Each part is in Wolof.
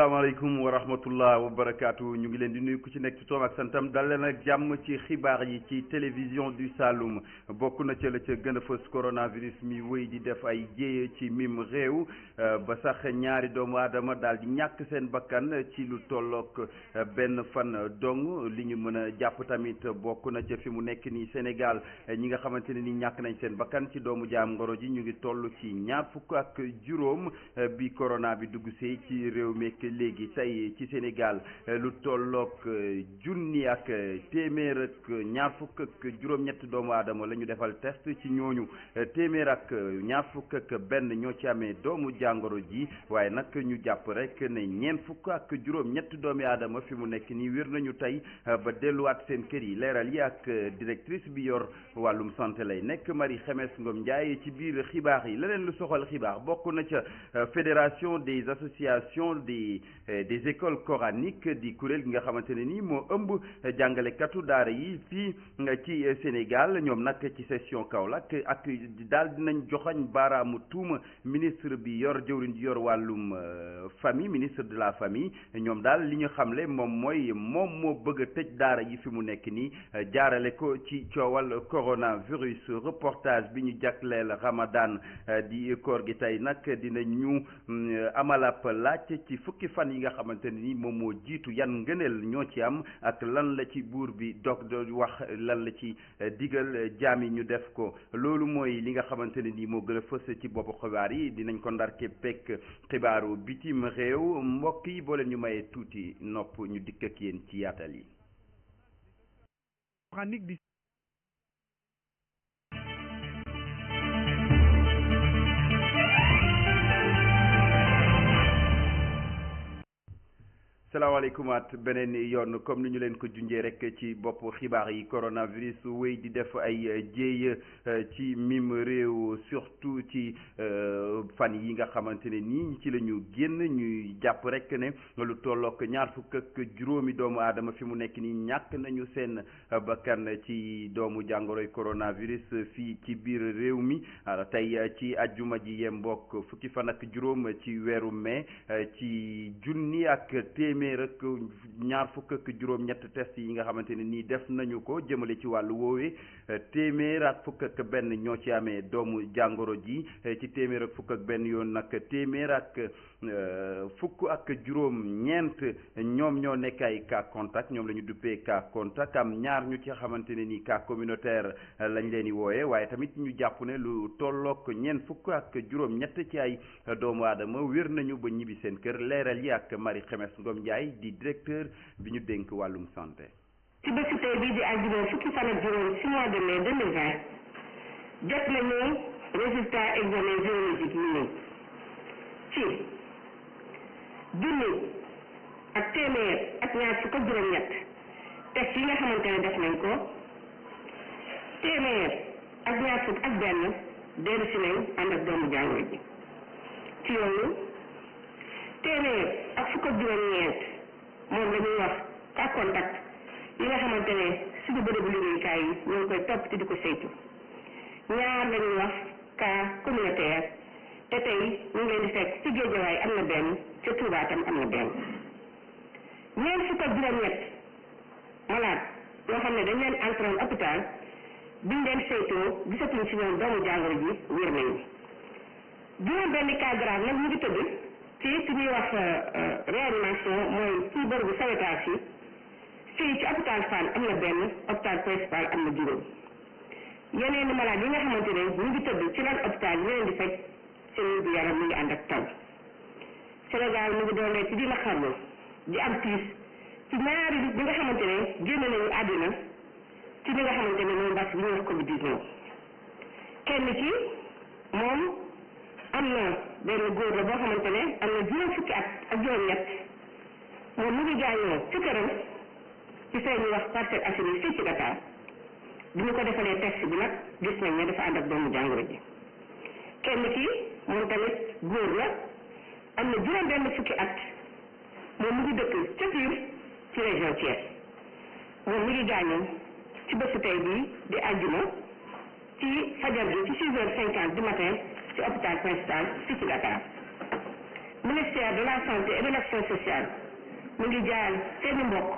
alaykum wa rahmatullah wa barakaatu ñu ngi leen di nuyu ci nekk ci toom ak santam dal leen ak jàmm ci xibaar yi ci télévision du Saloum bokk na ca la ca gën a coronavirus mi wéy di def ay jéye ci mim réew ba sax ñaari doomu aadama daal di ñàkk seen bakkan ci lu tollook benn fan dong li ñu mën a jàpp tamit bokk na ca fi mu nekk nii Sénégal ñi nga xamante ne ni ñàkk nañ seen bakkan ci doomu jaam ngoro ji ñu ngi toll ci ñaar fukk ak juróom bi corona bi dugg see ci réew mi te léegi tay ci Sénégal eh, lu tolloog eh, junni ak eh, téeméer ak ñaar fukk ak juróom-ñett doomu adama lañu défal test ci ñooñu téeméer ak ñaar fukk ak benn ñoo ci amé doomu jangoro ji waye ñu rek ak nekk ba seen kër yi léral yi ak directrice bi yor walum santé lay nekk Marie Xemes Ngom Ndiaye ci biir xibaar yi leneen lu soxal xibaar bokku na fédération des associations des eh, des écoles coraniques di kurel nga xamante ne nii qui ëmb daara yi fii eh, ci eh, Sénégal ñoom nak ci session kaolak ak dal dinañ joxañ ministre bi yor jëwriñ yor wàllum famille ministre de la famille ñoom daal li ñu xamle moom mooy moom moo bëgg a tëj daara yi fi nekk ni jaarale ko ci coronavirus reportage bi ñu Ramadan di koor gi tey dina ñu mm, amalap laaj ci fukki fan yi nga xamante ni moom moo jiitu yan ngëneel ñoo ci am ak lan la ci buur bi dog do wax lan la ci eh, digal eh, jaam yi ñu def ko loolu mooy li nga xamante ne ni moo gën a fës ci boppu xibaar yi dinañ ko ndar képpekk xibaaru bitim réew mbokk yi boo ñu mayee tuuti nopp ñu dikk ak yéen ci yaatal yi. salaamaaleykum at beneen yoon comme ni ñu leen ko junjee rek ci bopp xibaar yi coronavirus wéy di def ay jéey ci mim réew surtout ci euh, fan yi nga xamante ne nii ci la ñu génn ñuy jàpp rek ne lu tollook ñaar fukk ak juróomi doomu aadama fi mu nekk nii ñàkk nañu seen bakkan ci doomu jàngoro jàngoroy coronavirus fii ci biir réew mi tey ci ajjuma ji yem mbokk fukki fan ak juróom ci weeru mais ci junni ak téeméer ak ñaar fukk ak juróom ñett test yi nga xamante ne nii def nañu ko jëmale ci wàllu woowee téeméer ak fukk ak benn ñoo ci amee doomu jàngoro ji ci téeméer ak fukk fukk ak benn yoon nag téeméer ak euh, fukk ak juróom ñeent ñom ñoo nekk ay cas contact ñom lañu duppé ka contact am ñaar ñu ci xamantene ni ka communautaire lañ leen di wooyee waaye tamit ñu japp né lu tollok ñen fukk ak juróom ñett ci ay doomu adama wér nañu ba ñibi seen kër léral yi ak Marie Xemes Ngom jaay di directeur bi ñu dénk walum santé ci bésu tey bii di àjjuma fukki fan ak juróom 6 mois de mai 2020 jot nañu résultat examen virologique yi ñëw ci junni ak téeméer ak ñaar fukk ak juróom-ñett test yi nga xamante nañ ko téeméer ak ñaar fukk ak benn dellu si nañ ànd ak doomu jàngoro ji ci yooyu téeméer ak fukk ak juróom-ñeent moom la ñuy wax cas contact yi nga xamante ne suñu bërëbu liggéeykaay yi ñoo ngi koy topp te di ko saytu ñaar la wax cas communautaire te tey ñu ngi di fekk ci Géejawaay am na benn ca Touba tam am na benn ñeent fukk ak juróom-ñett malade yoo xam ne dañ leen entré hôpital biñ leen saytoo gisatuñ ci ñoom doomu jàngoro ji wér nañu juróom benn cas grave nag ñu ngi tëdd ci ki ñuy wax euh, euh, réanimation mooy ci bërëbu sawetage yi fii ci hôpital Fann am na benn hôpital principal am na juróom yeneen malade yi nga xamante ne ñu ngi tëdd ci lan hôpital ñu leen di faj seen wér gu yaram mu ngi ànd ak taw Sénégal mu ngi doon ci di la xarlu di am tiis ci ñaari nit bi nga xamante ne génn nañu àddina ci li nga xamante ne mooy mbas bi ñuy wax Covid 19 kenn ki moom am na benn góor la boo xamante ne am na juróom fukki at ak juróom-ñett moom mu ngi gaañoo ci këram ci fee ñuy wax Parcelles Assainies fii ci Dakar. bi ñu ko defalee test bi nag gis nañ ne dafa ànd ak doomu jàngoro ji kenn ki moom tamit góor la am na juróom benn fukki at moom mu ngi dëkk ci région Thiès moom mi ngi gaañoo ci bésu tey bii di àjjuma ci fajar gi ci six heures cinquante du matin ci hôpital principal fii ci Dakar ministère de la santé et de l'action sociale mu ngi jaar seeni mbokk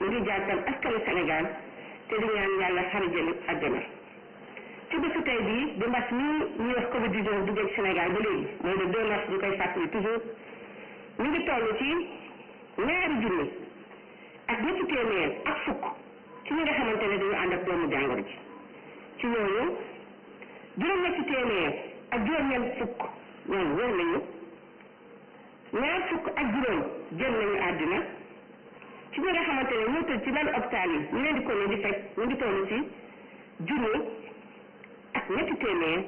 mu ngi jaar tam askanu Sénégal te di ñaan yàlla xarit jëlee àjjana ci bésu tey bii di mbas mii ñuy wax Covid 19 duggee ci Sénégal ba léegi mooy le 2 mars ñu koy fàttali toujours ñu ngi toll ci ñaari junni ak ñetti téeméer ak fukk ci ñi nga xamante ne dañu ànd ak doomu jàngoro ji ci ñooñu juróom-ñetti téeméer ak juróom-ñeent fukk ñoom fukk ak juróom jëm nañu àddina. ci ñi nga xamante ne ñoo tëdd ci lalu hôpital yi ñu leen di kono di faj ñu ngi toll ci junni ak ñetti téeméer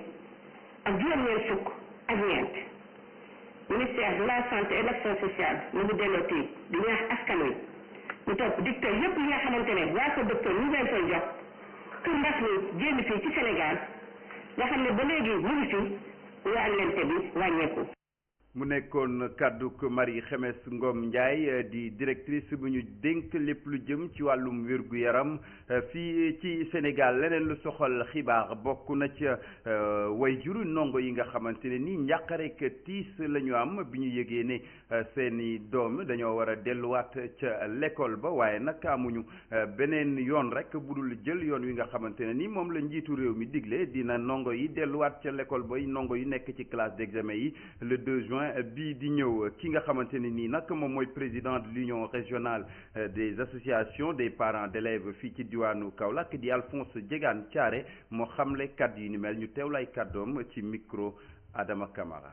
ak juróom-ñeent fukk ak ñeent ministère de la santé et de l'action sociale mu ngi dellooti di ñaax askan wi ñu topp dictée yépp yi nga xamante ne waa ko docteur ñu leen koy jox pour ndax ni génn fii ci Sénégal nga xam ne ba léegi mu ngi fi wàññeente bi wàññeeku. mu nekkoon kàdduk Marie Xemes Ngom Ndiaye euh, di directrice buñu denk lepp lu jëm ci walum wér yaram euh, fi ci Sénégal leneen lu soxal xibaar bokku na ci euh, wayjuru nongo yi nga xamantene ni njàqarek tiis tiss lañu am bi ñu ne seeni doom dañoo wara a wat ci l'école ba waye nak amuñu benen yoon rek budul jël yoon yi nga xamantene ni mom la njiitu rew mi diglé dina nongo yi wat ci l'école ba nongo yi nekk ci classe d'examen yi le 2 juin Bidigno, suis di ki président de l'union régionale euh, des associations des parents d'élèves fi ci diwanu Kaolack di Alphonse Diégane, Thiaré mo xamlé kàddu yu ni mel ñu tewlay kaddom ci micro Adama Camara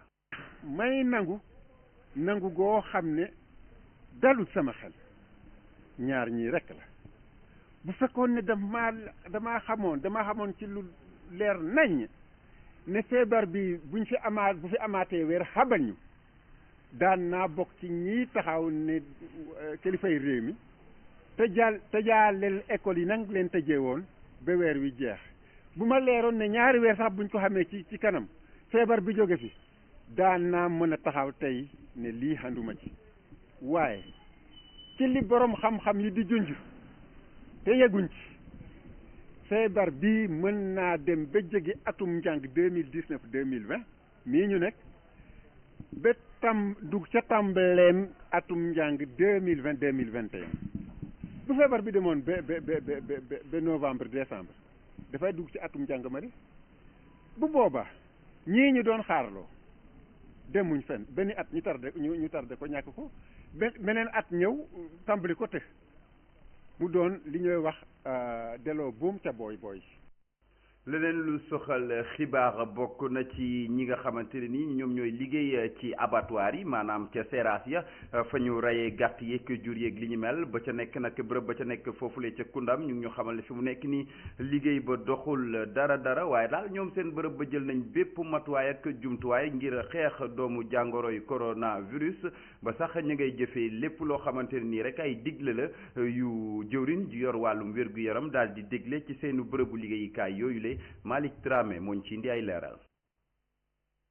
may nangu nangu go xamné dalu sama xel ñaar rek la bu sa dama xamone ne feebar bi buñ fi amaat bu fi amaatee weer xabal ñu daan naa bokk ci ñiy taxaw ne euh, kilifay réew mi tëjaal tëjaaleel école yi nang leen tëjee woon ba weer wi jeex bu ma leeroon ne ñaari weer sax buñ ko xamee ci ci kanam feebar bi jóge fi daan naa mën a taxaw tey ne lii xanduma ci waaye ci li borom xam-xam yi di junj te yeguñ ci feebar bii mën naa dem ba jegi atum njàng deux mille dix neuf deux mille vingt mii ñu nekk ba tam dug ca tàmbaleem atum njàng deux mille vingt deux mille vingt et un bu feebar bi demoon ba ba ba ba novembre décembre dafay dugg ci atum njàng ma bu boobaa ñii ñu doon xaarloo demuñ fen benn at ñu tardé ñu ñu tardé ko ñàkk ko beneen at ñëw tàmbali ko te mu doon li ñuy wax euh, delloo buum ca booy booy leneen lu soxal xibaar bokk na ci ñi nga xamante ne ni ñoom ñooy liggéey ci abattoir yi maanaam ca seeraas ya fa ñu rayee gàtt yeeg jur yeeg li ñu mel ba ca nekk nag bërëb ba ca nekk foofu foofulee ca Koundam ñu ngi ñu xamal fi mu nekk nii liggéey ba doxul dara dara waaye daal ñoom seen bërëb ba jël nañ bépp matuwaay ak jumtuwaay ngir xeex doomu jàngoro yu coronavirus ba sax ñu ngay jëfee lépp loo xamante ne nii rek ay digle la yu jëwriñ ji yor wàllum wér yaram daal di digle ci seenu bërëbu liggéeyukaay yooyu le Cissé Malick mooñ ci indi ay leeral.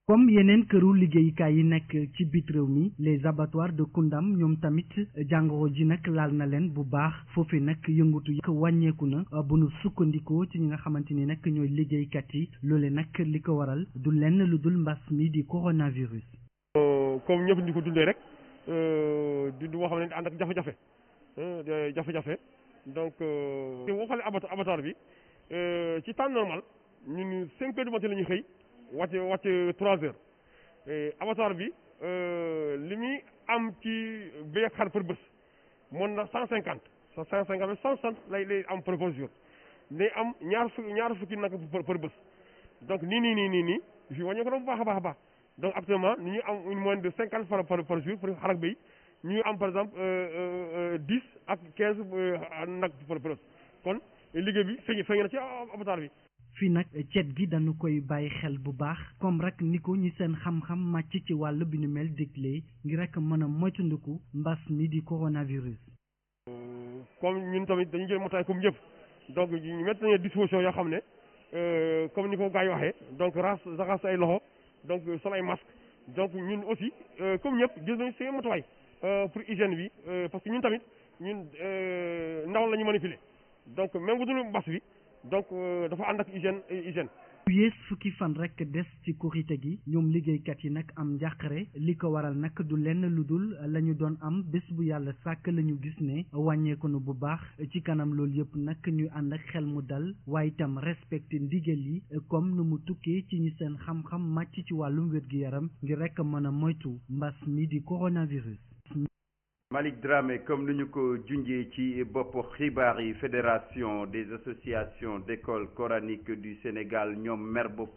comme yeneen këru liggéeyukaay yi nekk ci bit réew mi les abattoirs de Koundam ñoom tamit jàngoro ji nag laal na leen bu baax foofee nag yëngatu yi wàññeeku na bu nu sukkandikoo ci ñi nga xamante ni nag ñooy liggéeykat yi loole nag li ko waral du lenn lu dul mbas mi di coronavirus. Euh, comme ñëpp ñu ko dundee rek euh, dundu boo xam ne ànd ak jafe-jafe euh, jafe-jafe donc. boo xoolee abattoir bi. Euh, ci temps normal ñun cinq heures du matin la ñuy xëy wàcc wàcc trois heures euh, avatar bi euh, li muy am ci béy xar par bés mën na cent cinquante sa cent cinquante cent soixante am par jour am ñaar fukki ñaar fukki nag par bés donc nii nii nii nii nii fii wàññi ko doon baax baax a baax donc actuellement ñu am une moyenne de cinquante francs par par jour pour xar ñu am par exemple dix ak quinze nag par bés kon Eh, liggéey bi feeñ feeñ na ci hôpital ah, ah, bi. fii nag cet gi dañu koy bàyyi xel bu baax comme rek ni ko ñu seen xam-xam màcc ci wàll bi nu mel digle ngir rek mën a moytandiku mbas mi di coronavirus. comme ñun tamit dañu jël motaay comme ñëpp donc ñu mettre yoo xam ne euh, comme ni ko gars yi donc raxas raxas ay loxo donc sol ay masque donc ñun aussi euh, comme ñëpp jël nañu seen motuwaay euh, pour hygiène bi parce que ñun tamit ñun ndaw la ñu donc même bu dul mbas bi donc euh, dafa ànd ak hygiène hygiène. yées fukki fan rek des ci korite gi ñoom liggéeykat yi nag am njàqare li ko waral nag du lenn lu dul la ñu doon am bés bu yàlla sàkk lañu gis ne wàññeeku na bu baax ci kanam loolu yëpp nag ñuy ànd ak xel mu dal waaye itam respecté ndigal yi comme nu mu tukkee ci ñu seen xam-xam màcc ci wàllum wér gi yaram ngir rek mën a moytu mbas mi di coronavirus Malik Dramé comme nous nous fédération des associations d'écoles coraniques du Sénégal Nyom Merbo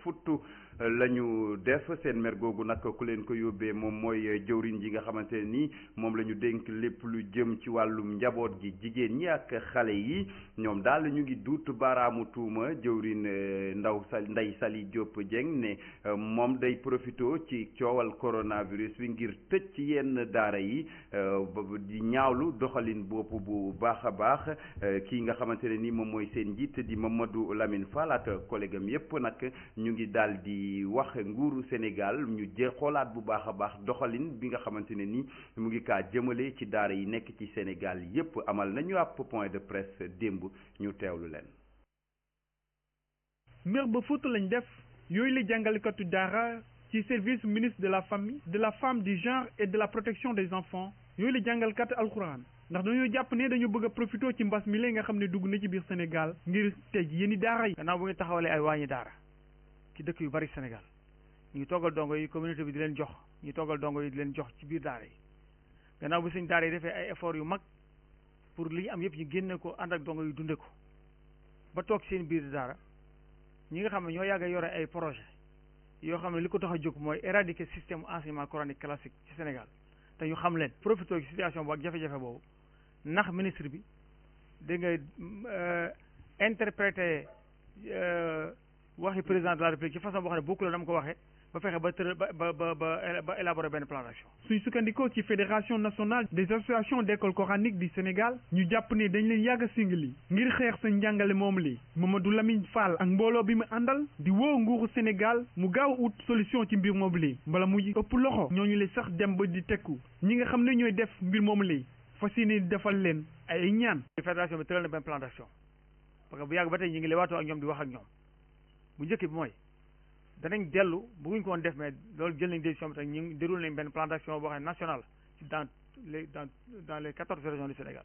la ñu def seen mer googu nag ku leen ko yóbbee moom mooy jëwriñ ji nga xamante ne ni moom la ñu dénk lépp lu jëm ci wàllum njaboot gi jigéen ñi ak xale yi ñoom daal ñu ngi duut baaraamu tuuma jëwriñ eh, ndaw sa Ndeye sali Diop Dieng ne eh, moom day profité ci coowal coronavirus bi ngir tëj ci yenn daara yi eh, di ñaawlu doxalin bopp bu baax a baax kii nga xamante ne ni moom mooy seen njiit di Mamadou Lamine lamin ak collègue am yëpp nag ñu ngi daal di. di wax nguuru Sénégal ñu jë xoolaat bu baax a baax doxalin bi nga xamante ne ni mu ngi kaa jëmale ci daara yi nekk ci Sénégal yépp amal nañu àpp point de presse démb ñu teew lu leen. mer ba foot lañ def yooyu la jàngalekatu daara ci service ministre de la famille de la femme du genre et de la protection des enfants yooyu la jàngalkat alxuraan ndax dañoo jàpp ne dañu bëgg a profité ci mbas mi lay nga xam ne dugg na ci biir Sénégal ngir tëj yéen daara yi. gannaaw bu ñu ci dëkk yu bari Sénégal ñu toggal dongo yi communauté bi di leen jox ñu toggal dongo yi di leen jox ci biir daara yi gannaaw bi suñ daara yi defee ay effort yu mag pour li ñu am yëpp ñu génne ko ànd ak dongo yu dunde ko ba toog seen biir daara ñi nga xam ne ñoo yàgg yore ay projet yoo xam ne li ko tax a jóg mooy éradiquer système enseignement coranique classique ci Sénégal te ñu xam leen profité situation boobu ak jafe-jafe boobu ndax ministre bi da nga euh, waxi président de la république ci façon boo xam ne bokkul la dama ko waxee ba fexe ba tër ba ba ba élaborer benn plan d'action suñ sukkandikoo ci fédération nationale des associations d'écoles coraniques du Sénégal ñu jàpp ne dañ leen yàgg a singili ngir xeex sa njàngale moom li Mamadou Lamine Fall ak mbooloo bi mu àndal di woo nguuru Sénégal mu gaaw ut solution ci mbir moom li mbala mu ëpp loxo ñooñu le sax dem ba di tekku ñi nga xam ne ñooy def mbir moom li fas yéene defal leen ay ñaan fédération bi tëral na benn plan d'action parce que bu yàgg ba tey ñu ngi leewaatoo ak ñoom di wax ak ñoom bu njëkk bi mooy danañ dellu bëgguñ koon def mais loolu jël nañ décision bi te ñu déroulé nañ benn plan d'action national dans les dans dans les quatorze régions du Sénégal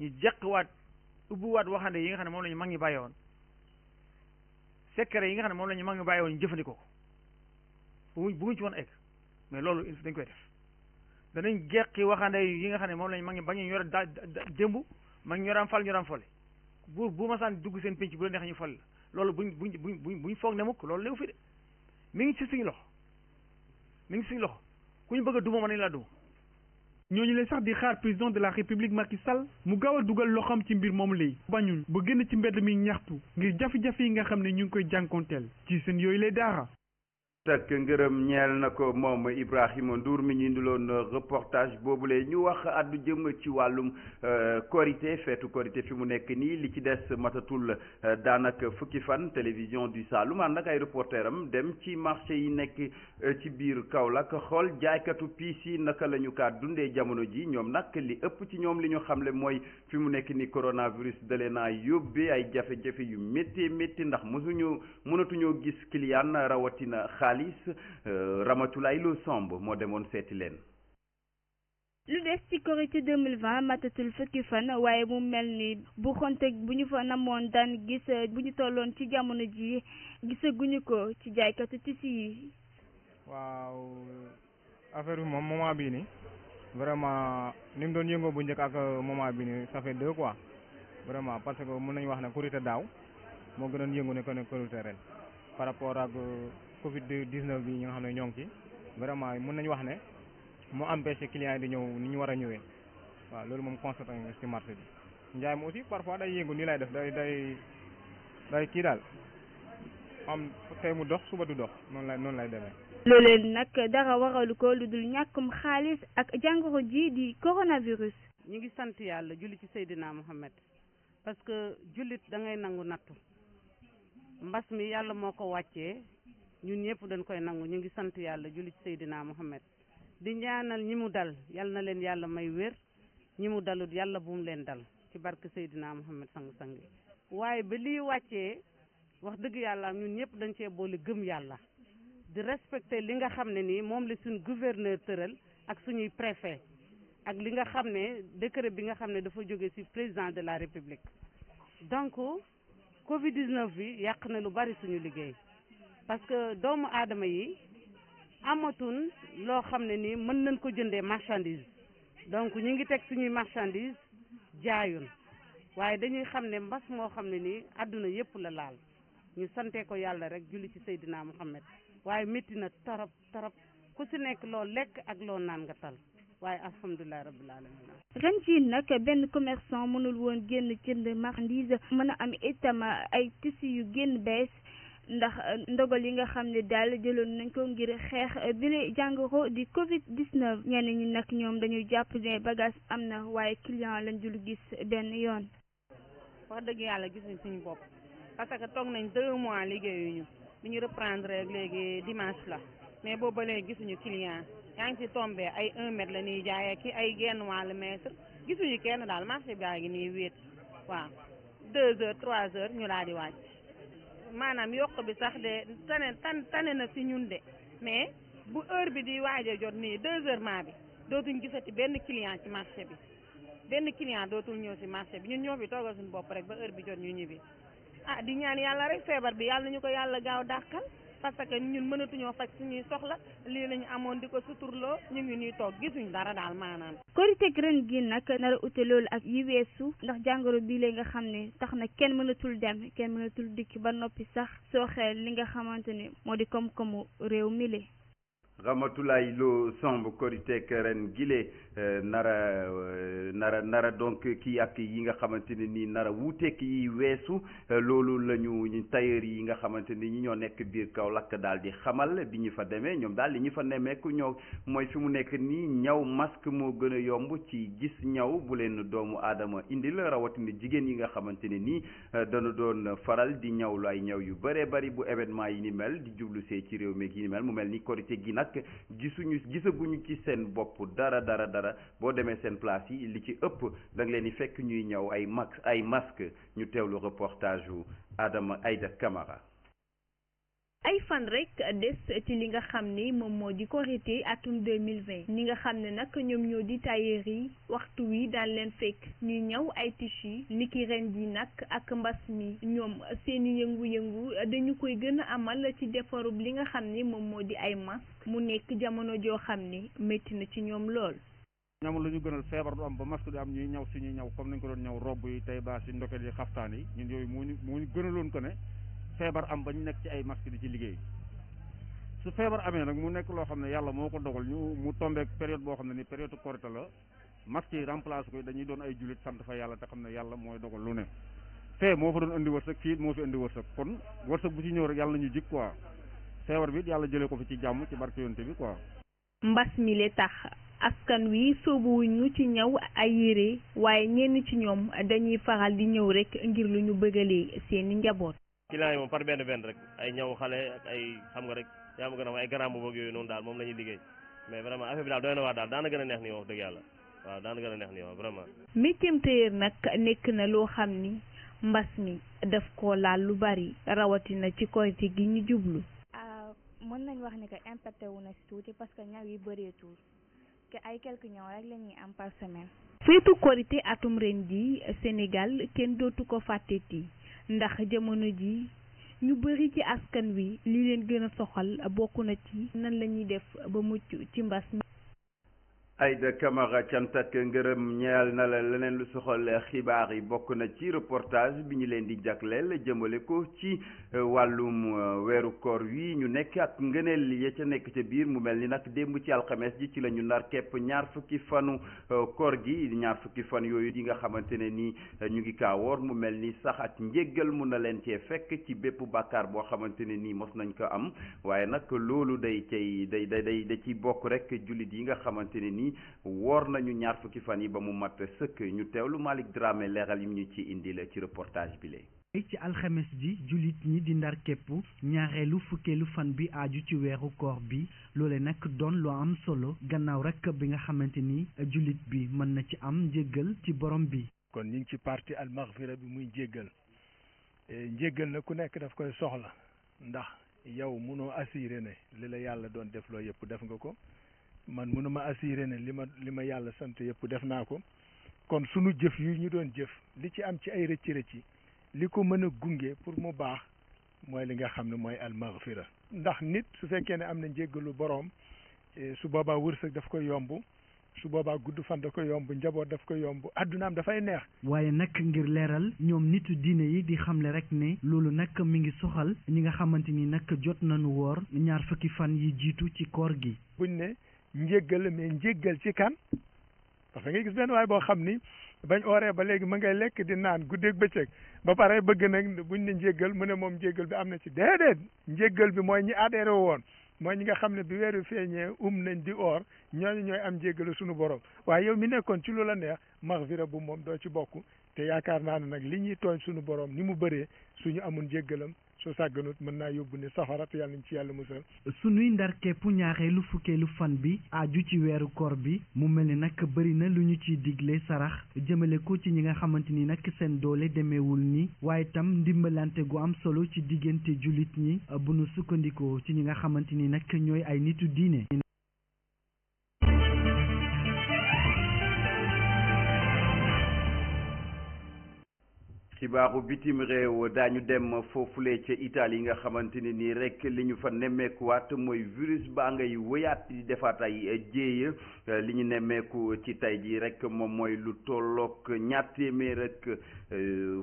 ñu jeqwaat ubbiwaat waxande yi nga xam ne moom la ñu mag ñi bàyyi woon secret yi nga xam ne moom la ñu mag ñi bàyyi woon ñu jëfandikoo ko bëgguñ bëgguñ ci woon egg mais loolu il dañ koy def danañ jeqi waxande yi nga xam ne moom la ñu mag ñi bañ a yore daa démb mag ñi ñoraam fal ñoraam fole buur bu ma saan dugg seen pénc bu la neexee ñu fal la loolu buñ buñ buñ buñ buñ foog ne mukk loolu léew fi de mi ngi si suñu loxo mi ngi suñu loxo ku ñu bëgg a duma mën nañ laa duma ñooñu leen sax di xaar président de la république Macky Sall mu gaaw a dugal loxoom ci mbir moom lay bañuñ ba génn ci mbedd mi ñaxtu ngir jafe-jafe yi nga xam ne ñu ngi koy jànkonteel ci seen yooyu lay daara tak ngërëm ñeel na ko moom Ibrahima Ndour mi ñu indiloon reportage boobule ñu wax addu jëm ci wàllum euh, korité feetu korité fi mu nekk nii li ci des matatul euh, daanaka fukki fan télévision du Saloum ànd ak ay reporter am dem ci marché yi nekk euh, ci biir Kaolack xool jaaykatu piis yi naka lañu ñu dundee jamono ji ñoom nag li ëpp ci ñoom li ñu xamle mooy fi mu nekk ni coronavirus dalee naa yóbbee ay jafe-jafe yu métti métti ndax mësuñu mënatuñoo gis client xaalis euh, Ramatoulaye loo somb moo demoon seeti leen. lu des ci korité 2020 matatul fukki fan waaye mu mel ni bu xonte bu ñu fa namoon daan gis euh, bu ñu tolloon ci jamono ji gisaguñu ko ci jaaykatu tissu yi. waaw affaire bi moom moment bii nii vraiment ni doon yëngoo bu njëkk ak euh, moment bii nii ça fait deux vraiment parce que mën nañu wax ne korité daaw moo gënoon yëngu ne ko ne korité ren. par rapport ak euh, Covid 19 bi ñi nga xam ne ñoo ngi ci vraiment mën nañu wax ne moo empêché clients di ñëw ni ñu war a ñëwee waaw loolu moom constaté nga ci marché bi. njaay mi aussi parfois day yëngu nii lay def day day day kii daal am tey mu dox suba du dox noonu lay noonu lay demee. looleen nag dara waralu ko lu dul ñàkkum xaalis ak jàngoro ji di coronavirus. ñu ngi sant yàlla julli ci Seydina Mohamed parce que jullit da ngay nangu nattu. mbas mi yàlla moo ko wàccee ñun ñëpp dañ koy nangu ñu ngi sant yàlla julli ci Seydina Muhammad di ñaanal ñi mu dal yal na leen yàlla may wér ñi mu dalut yàlla bu leen dal ci barke Seydina Muhammad sang-sang waaye ba lii wàccee wax dëgg yàlla ñun ñëpp dañ cee boole gëm yàlla di respecte li nga xam ne nii moom la suñ gouverneur tëral ak suñuy préfet ak li nga xam ne décret bi nga xam ne dafa jóge ci président de la république donc Covid 19 bi yàq na lu bari suñu liggéey parce que doomu aadama yi amatun loo xam ne ni mën nañ ko jëndee marchandise donc ñu ngi teg suñuy marchandise jaayun waaye dañuy xam ne mbas moo xam ne nii àdduna yépp la laal ñu sante ko yàlla rek julli ci Seydina Muhammad waaye métti na torop torop ku si nekk loo lekk ak loo naan nga tal waaye alhamdulilah rabbil alamin ren jii nag benn commerçant mënul woon génn jënd marchandise mën a am itam ay tissu yu génn bees ndax ndogal yi nga xam ne daal jëloon nañ ko ngir xeex bile jàngoro di Covid 19 ñenn ñi nag ñoom dañuy jàpp ne bagage am na waaye client lañ dul gis benn yoon. wax dëgg yàlla gis nañ ñu bopp parce que toog nañ deux mois liggéeyuñu bi ñu reprendre léegi dimanche la mais boobu ba gisuñu client. yaa ngi ci tombé ay 1 mètre la ñuy jaayee ki ay genn wàll mètre gisuñu kenn daal marché baa ngi nii wéet waaw 2 heures 3 heures ñu daal di wàcc maanaam yokk bi sax de tane tan tane na si ñun de mais bu heure bi di waaj a jot ni 2 heures maa bi dootuñ gisati benn client ci marché bi benn client dootul ñëw si marché bi ñun ñëw fi toogal suñu bopp rek ba heure bi jot ñu ñibbi ah di ñaan yàlla rek feebar bi yàlla nañu ko yàlla gaaw dàqal. parce que ñun mënatuñoo faj suñuy soxla lii la ñu amoon di ko suturloo ñu ngi ñuy toog gisuñ dara daal maanaam. Korite ren gi nag nar a ute loolu ak yi weesu ndax jàngoro bii la nga xam ne tax na kenn mënatul dem kenn mënatul dikk ba noppi sax soo xel li nga xamante ni moo di koom-koomu réew mi Ramatoulaye Lo Samb Korité ren gile euh, nara euh, nara nara donc kii ak yi nga xamante ne nii nara wuuteek yi weesu euh, loolu lañu ñu tailleur yi nga xamante ni ñi ñoo nekk biir Kaolack daal di xamal bi ñu fa demee ñoom daal li ñu fa nemmeeku ñoo mooy fi mu nekk nii ñaw masque moo gën a yomb ci gis ñaw bu leen doomu aadama indi indil rawatina jigéen yi nga xamante ne nii dañu doon faral di ñaw lu ay ñaw yu bëree bëri bu événement yi ni mel di jublu see ci réew meeg yi ni mel mu mel ni Korité gi nag gisuñu gisaguñu ci seen bopp dara dara dara boo demee seen place yi li ci ëpp da nga leen di fekk ñuy ñëw ay max ay masque ñu teewlu reportage wu Adama Aïda Camara ay fan rek des ci li nga xam ne moom moo di korité atum deux mille 2020 ñi nga xam ne nag ñoom ñoo di tailleur yi waxtu wi daan leen fekk ñuy ñaw ay tissu ni ki ren ji nag ak mbas mi ñoom seeni yëngu-yëngu dañu koy gën a amal ci defarub li nga xam ne moom moo di ay masque mu nekk jamono joo xam ne métti na ci ñoom lool ñoom lu ñu gënal feebar du am ba masque du am ñuy ñaw suñuy ñaw comme nañ ko doon ñaw robb yi tay baas yi ndokel yi xaftaan yi ñu moo ñu gënaloon ko ne feebar am ba ñu nekk ci ay masque di ci liggéey su feebar amee nag mu nekk loo xam ne yàlla moo ko dogal ñu mu tombeek période boo xam ne ni période korite la masque yi remplace ko dañuy doon ay jullit sant fa yàlla te xam ne yàlla mooy dogal lu ne fee moo fa doon indi wërsëg fii moo fi indi wërsëg kon wërsëg bu ci ñëw rek yàlla na ñu jik quoi feebar bi yàlla jëlee ko fi ci jàmm ci barke yonte bi quoi mbas mi la tax askan wi soobuwuñu ci ñëw ay yére waaye ñenn ci ñoom dañuy faral di ñëw rek ngir lu ñu bëggalee seeni njaboot client yi moom par benn benn rek ay ñaw xale ay xam nga rek yaa ma gën a wax ay garambu boog yooyu noonu daal moom la ñuy liggéey mais vraiment affaire bi daal doy na waar daal daana gën a neex nii wax dëgg yàlla waaw daana gën a neex nii wax vraiment métier tailleur nag nekk na loo xam ni mbas mi daf ko laal lu bari rawatina ci korite gi ñu jublu ah, mën nañ wax ni que impacté wu na si tuuti parce que ñaw yi bëreetul te ay quelques ñaw rek la ñuy am par semaine feetu korite atum ren dootu ko fàtteeti ndax jamono ji ñu bëri ci askan wi li leen gën a soxal bokk na ci nan la ñuy def ba mucc ci mbas mi Aïda Camara cant ngërëm ñeel na la leneen lu soxal xibaar yi bokk na ci reportage bi ñu leen di jagleel jëmale ko ci euh, wàllum euh, weeru koor wi ñu nekk ak ngëneel ya ca nekk ca biir mu mel ni nag démb ci alxemes ji ci lañu ñu nar képp ñaar fukki fanu euh, koor gi ñaar fukki fan yooyu yi nga xamante ne ni ñu ngi kaawoor mu mel ni sax ak njéggal mun na leen cee fekk ci bépp bàkkaar boo xamante ne nii mos nañ ko am waaye nag loolu day cay day day day bokk rek jullit yi nga xamante woor nañu ñaar fukki fan yi ba mu mat sëkk ñu teewlu Malick Dramé leeral yi ñu ci indi la ci reportage bi lay ci alxames ji jullit ñi di ndar képp ñaareelu fukkeelu fan bi aaju ci weeru koor bi loole nag doon loo am solo gannaaw rek bi nga xamante ni jullit bi mën na ci am njéggal ci borom bi kon ñu ci parti almaghfira bi muy njéggal e, njéggal na ku nekk daf koy soxla ndax yow mënoo assuré ne li la yàlla doon def loo yëpp def nga ko man ma assuré ne li ma li ma yàlla sant yëpp def naa ko kon sunu jëf yi ñu doon jëf li ci am ci ay rëcc rëcc li ko mën a gunge pour mu baax mooy li nga xam ne mooy almaghfira ndax nit su fekkee ne am na njéggalu boroom e, su boobaa wërsëg daf ko yomb su boobaa gudd fan da ko yomb njaboot daf ko yomb addunaam dafay neex. waaye nag ngir leeral ñoom nitu diine yi di xam ne rek ne loolu nag mi ngi soxal ñi nga xamante ni nag jot nañu woor ñaar fan yi jiitu ci koor gi. njéggal la mais ci kan parce que ngay gis benn waay boo xam ni bañ ooree ba léegi ma ngay lekk di naan guddeeg bëccëg ba pare bëgg nag buñ ne njéggal mu ne moom njéggal bi am na ci déedéet njéggal bi mooy ñi adhéré woon mooy ñi nga xam ne bi weer wi feeñee um nañ di oor ñooñu ñooy am njéggalu sunu borom waaye yow mi nekkoon ci lu la neex maxvira bu moom doo ci bokk te yaakaar naa ne nag li ñuy tooñ sunu borom ni mu bëree su ñu amul njéggalam soo sàgganut mën naa yóbbu ne safara te yàlla nañ ci yàlla musal sunuy ndar képp ñaareelu fukkeelu fan bi aju ci weeru kor bi mu mel ni nag bëri na lu ñu ci digle sarax jëmale ko ci ñi nga xamante ni nag seen doole demeewul ni waaye tam ndimbalante gu am solo ci diggante jullit ñi bu nu sukkandikoo ci ñi nga xamante ni nag ñooy ay nitu diine xibaaru bitim réew daañu dem foofule ca Italie nga xamante ne nii rek li ñu fa nemmeekuwaat mooy virus baa ngay wëyaat di defaat ay jéeya li ñu nemmeeku ci tey ji rek moom mooy lu tolloog ñaar téeméer ak euh,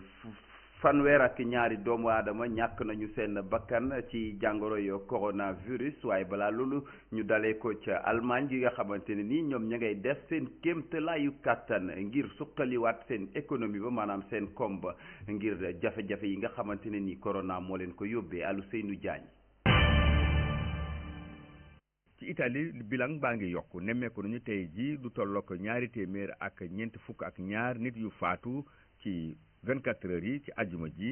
fanweer ak ñaari doomu aadama ñàkk nañu seen bakkan ci jàngoro yo coronavirus waaye balaa loolu ñu dalee ko ca Allemagne yi nga xamante ne ni ñoom ña ngay def seen kéemtalaayu kàttan ngir suqaliwaat seen économie ba maanaam seen koom ba ngir jafe-jafe yi nga xamante ne ni corona moo leen ko yóbbee Alioune Diagne. ci Italie bilan baa ngi yokk nemmeeku nañu tey jii du tollook ñaari téeméer ak ñeent fukk ak ñaar nit yu faatu ci. 24 heures yi ci àjjuma ji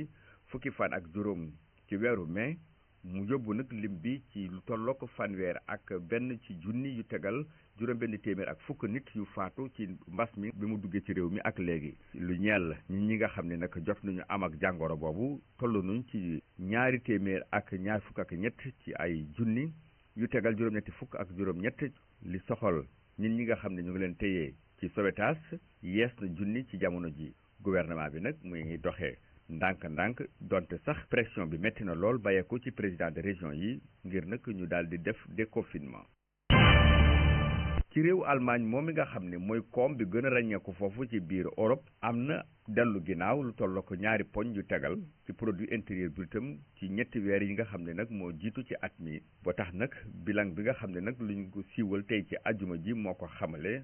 fukki fan ak juróom ci weeru mais mu yóbbu nag lim bi ci lu tolloo ko fanweer ak benn ci junni yu tegal juróom benn téeméer ak fukk nit yu faatu ci mbas mi bi mu duggee ci réew mi ak léegi lu ñeel ñi ñi nga xam ne nag jot nañu am ak jàngoro boobu toll nuñ ci ñaari téeméer ak ñaar fukk ak ñett ci ay junni yu tegal juróom-ñetti fukk ak juróom-ñett li soxal nit ñi nga xam ne ñu ngi leen téye ci Sowétas yees na junni ci jamono ji gouvernement bi nag muy ngi doxee ndànk-ndànk donte sax pression bi métti na lool bàyyeeku ci président de région yi ngir nag ñu daal di def déconfinement ci réew Allemagne moom mi nga xam ne mooy koom bi gën a ràññeeku foofu ci biir orop am na dellu ginnaaw lu tolloo ko ñaari poñ yu tegal ci produit intérieur brutam ci ñetti weer yi nga xam ne nag moo jiitu ci at mi boo tax nag bilan bi nga xam ne nag luñ ko siiwal tey ci ajuma ji moo ko xamale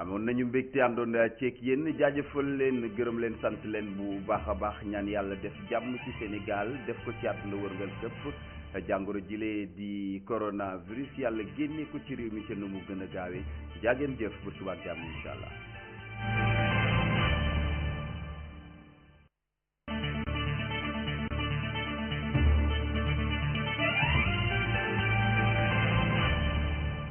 amoon nañu mbégte àndoon ceeg yéen jaajëfal leen gërëm leen sant leen bu baax a baax ñaan yàlla def jàmm ci Sénégal def ko ci àdduna wërngal këpp jàngoro jile di coronavirus yàlla génne ko ci réew mi ca nu mu gën a gaawee jaageen jëf bu subaak jàmm incha allah.